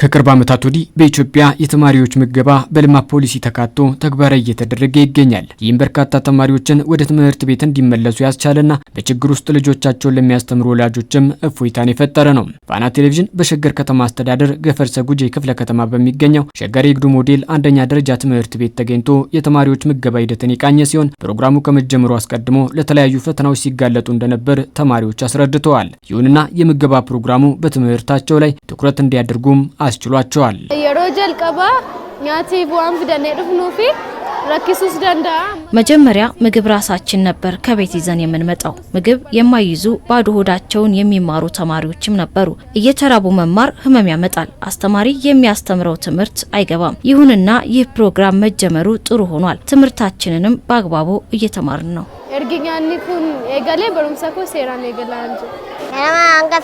ከቅርብ ዓመታት ወዲህ በኢትዮጵያ የተማሪዎች ምገባ በልማት ፖሊሲ ተካቶ ተግባራዊ እየተደረገ ይገኛል። ይህም በርካታ ተማሪዎችን ወደ ትምህርት ቤት እንዲመለሱ ያስቻለና በችግር ውስጥ ልጆቻቸውን ለሚያስተምሩ ወላጆችም እፎይታን የፈጠረ ነው። ፋና ቴሌቪዥን በሸገር ከተማ አስተዳደር ገፈርሰ ጉጄ ክፍለ ከተማ በሚገኘው ሸገር የግዱ ሞዴል አንደኛ ደረጃ ትምህርት ቤት ተገኝቶ የተማሪዎች ምገባ ሂደትን የቃኘ ሲሆን ፕሮግራሙ ከመጀመሩ አስቀድሞ ለተለያዩ ፈተናዎች ሲጋለጡ እንደነበር ተማሪዎች አስረድተዋል። ይሁንና የምገባ ፕሮግራሙ በትምህርታቸው ላይ ትኩረት እንዲያደርጉም አስችሏቸዋል። መጀመሪያ ምግብ ራሳችን ነበር ከቤት ይዘን የምንመጣው። ምግብ የማይይዙ ባዶ ሆዳቸውን የሚማሩ ተማሪዎችም ነበሩ። እየተራቡ መማር ህመም ያመጣል። አስተማሪ የሚያስተምረው ትምህርት አይገባም። ይሁንና ይህ ፕሮግራም መጀመሩ ጥሩ ሆኗል። ትምህርታችንንም በአግባቡ እየተማርን ነው።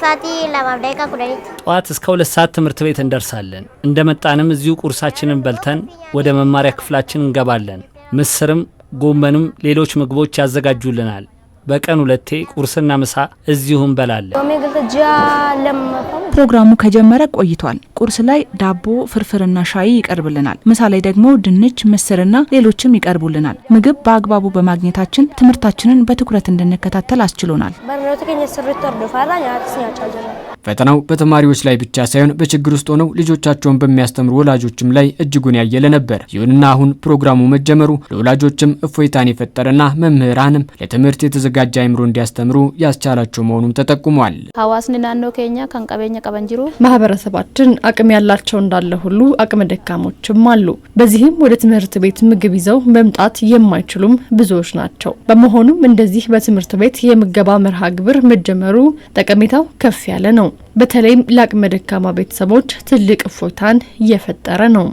ከሳቲ ለማብዳ ቁደሪት ጠዋት እስከ ሁለት ሰዓት ትምህርት ቤት እንደርሳለን። እንደመጣንም እዚሁ ቁርሳችንን በልተን ወደ መማሪያ ክፍላችን እንገባለን። ምስርም ጎመንም ሌሎች ምግቦች ያዘጋጁልናል። በቀን ሁለቴ ቁርስና ምሳ እዚሁ እንበላለን። ፕሮግራሙ ከጀመረ ቆይቷል። ቁርስ ላይ ዳቦ ፍርፍርና ሻይ ይቀርብልናል። ምሳ ላይ ደግሞ ድንች፣ ምስርና ሌሎችም ይቀርቡልናል። ምግብ በአግባቡ በማግኘታችን ትምህርታችንን በትኩረት እንድንከታተል አስችሎናል። ፈተናው በተማሪዎች ላይ ብቻ ሳይሆን በችግር ውስጥ ሆነው ልጆቻቸውን በሚያስተምሩ ወላጆችም ላይ እጅጉን ያየለ ነበር። ይሁንና አሁን ፕሮግራሙ መጀመሩ ለወላጆችም እፎይታን የፈጠረና መምህራንም ለትምህርት የተዘጋጀ አይምሮ እንዲያስተምሩ ያስቻላቸው መሆኑም ተጠቁሟል። ሀዋስን ናነው ኬኛ ከንቀበኛ ቀበንጅሮ ማህበረሰባችን አቅም ያላቸው እንዳለ ሁሉ አቅም ደካሞችም አሉ። በዚህም ወደ ትምህርት ቤት ምግብ ይዘው መምጣት የማይችሉም ብዙዎች ናቸው። በመሆኑም እንደዚህ በትምህርት ቤት የምገባ መርሃ ግብር መጀመሩ ጠቀሜታው ከፍ ያለ ነው። በተለይም ለአቅመ ደካማ ቤተሰቦች ትልቅ እፎይታን እየፈጠረ ነው።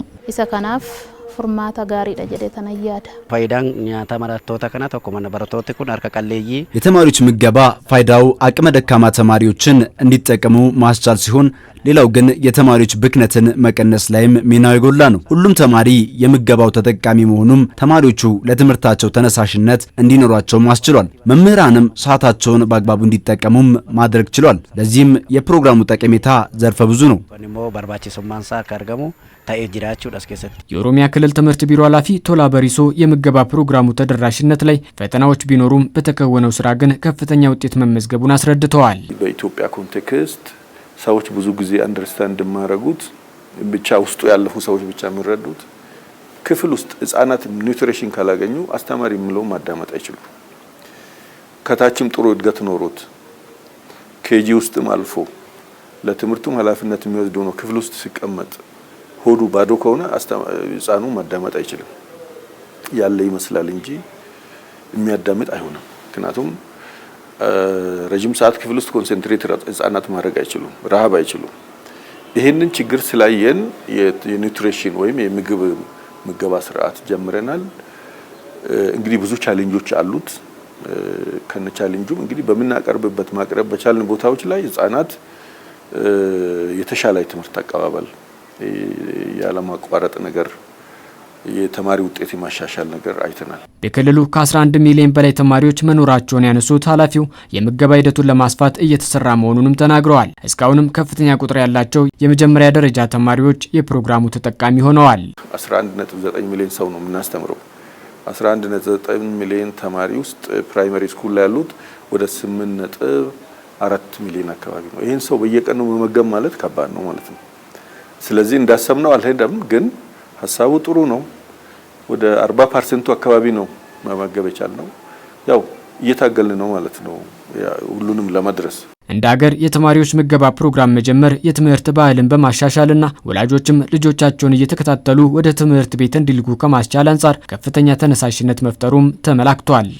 furmaata gaariidha jedhee tana yaada faayidaan nyaata marattoota kana tokko mana barattooti kun harka qalleeyyii የተማሪዎች ምገባ ፋይዳው አቅመ ደካማ ተማሪዎችን እንዲጠቀሙ ማስቻል ሲሆን ሌላው ግን የተማሪዎች ብክነትን መቀነስ ላይም ሚናው የጎላ ነው። ሁሉም ተማሪ የምገባው ተጠቃሚ መሆኑም ተማሪዎቹ ለትምህርታቸው ተነሳሽነት እንዲኖራቸውም አስችሏል። መምህራንም ሰዓታቸውን በአግባቡ እንዲጠቀሙም ማድረግ ችሏል። ለዚህም የፕሮግራሙ ጠቀሜታ ዘርፈ ብዙ ነው። የኦሮሚያ ክልል ክልል ትምህርት ቢሮ ኃላፊ ቶላ በሪሶ የምገባ ፕሮግራሙ ተደራሽነት ላይ ፈተናዎች ቢኖሩም በተከወነው ስራ ግን ከፍተኛ ውጤት መመዝገቡን አስረድተዋል። በኢትዮጵያ ኮንቴክስት ሰዎች ብዙ ጊዜ አንደርስታንድ የማያደርጉት ብቻ ውስጡ ያለፉ ሰዎች ብቻ የሚረዱት ክፍል ውስጥ ህጻናት ኒውትሪሽን ካላገኙ አስተማሪ የሚለው ማዳመጥ አይችሉም። ከታችም ጥሩ እድገት ኖሮት ኬጂ ውስጥም አልፎ ለትምህርቱም ኃላፊነት የሚወስድ ነው ክፍል ውስጥ ሲቀመጥ ሆዱ ባዶ ከሆነ ህፃኑ ማዳመጥ አይችልም። ያለ ይመስላል እንጂ የሚያዳምጥ አይሆንም። ምክንያቱም ረጅም ሰዓት ክፍል ውስጥ ኮንሰንትሬት ህጻናት ማድረግ አይችሉም፣ ረሃብ አይችሉም። ይህንን ችግር ስላየን የኒውትሪሽን ወይም የምግብ ምገባ ስርዓት ጀምረናል። እንግዲህ ብዙ ቻሌንጆች አሉት። ከነ ቻሌንጁም እንግዲህ በምናቀርብበት ማቅረብ በቻልን ቦታዎች ላይ ህጻናት የተሻለ የትምህርት አቀባበል ያለማቋረጥ ነገር የተማሪ ውጤት የማሻሻል ነገር አይተናል። በክልሉ ከ11 ሚሊዮን በላይ ተማሪዎች መኖራቸውን ያነሱት ኃላፊው የምገባ ሂደቱን ለማስፋት እየተሰራ መሆኑንም ተናግረዋል። እስካሁንም ከፍተኛ ቁጥር ያላቸው የመጀመሪያ ደረጃ ተማሪዎች የፕሮግራሙ ተጠቃሚ ሆነዋል። 11.9 ሚሊዮን ሰው ነው የምናስተምረው። 11.9 ሚሊዮን ተማሪ ውስጥ ፕራይመሪ ስኩል ላይ ያሉት ወደ 8.4 ሚሊዮን አካባቢ ነው። ይህን ሰው በየቀኑ መመገብ ማለት ከባድ ነው ማለት ነው። ስለዚህ እንዳሰብነው አልሄደም፣ ግን ሀሳቡ ጥሩ ነው። ወደ 40 ፐርሰንቱ አካባቢ ነው መመገብ የቻልነው። ያው እየታገልን ነው ማለት ነው ሁሉንም ለመድረስ እንደ አገር የተማሪዎች ምገባ ፕሮግራም መጀመር የትምህርት ባህልን በማሻሻልና ወላጆችም ልጆቻቸውን እየተከታተሉ ወደ ትምህርት ቤት እንዲልጉ ከማስቻል አንጻር ከፍተኛ ተነሳሽነት መፍጠሩም ተመላክቷል።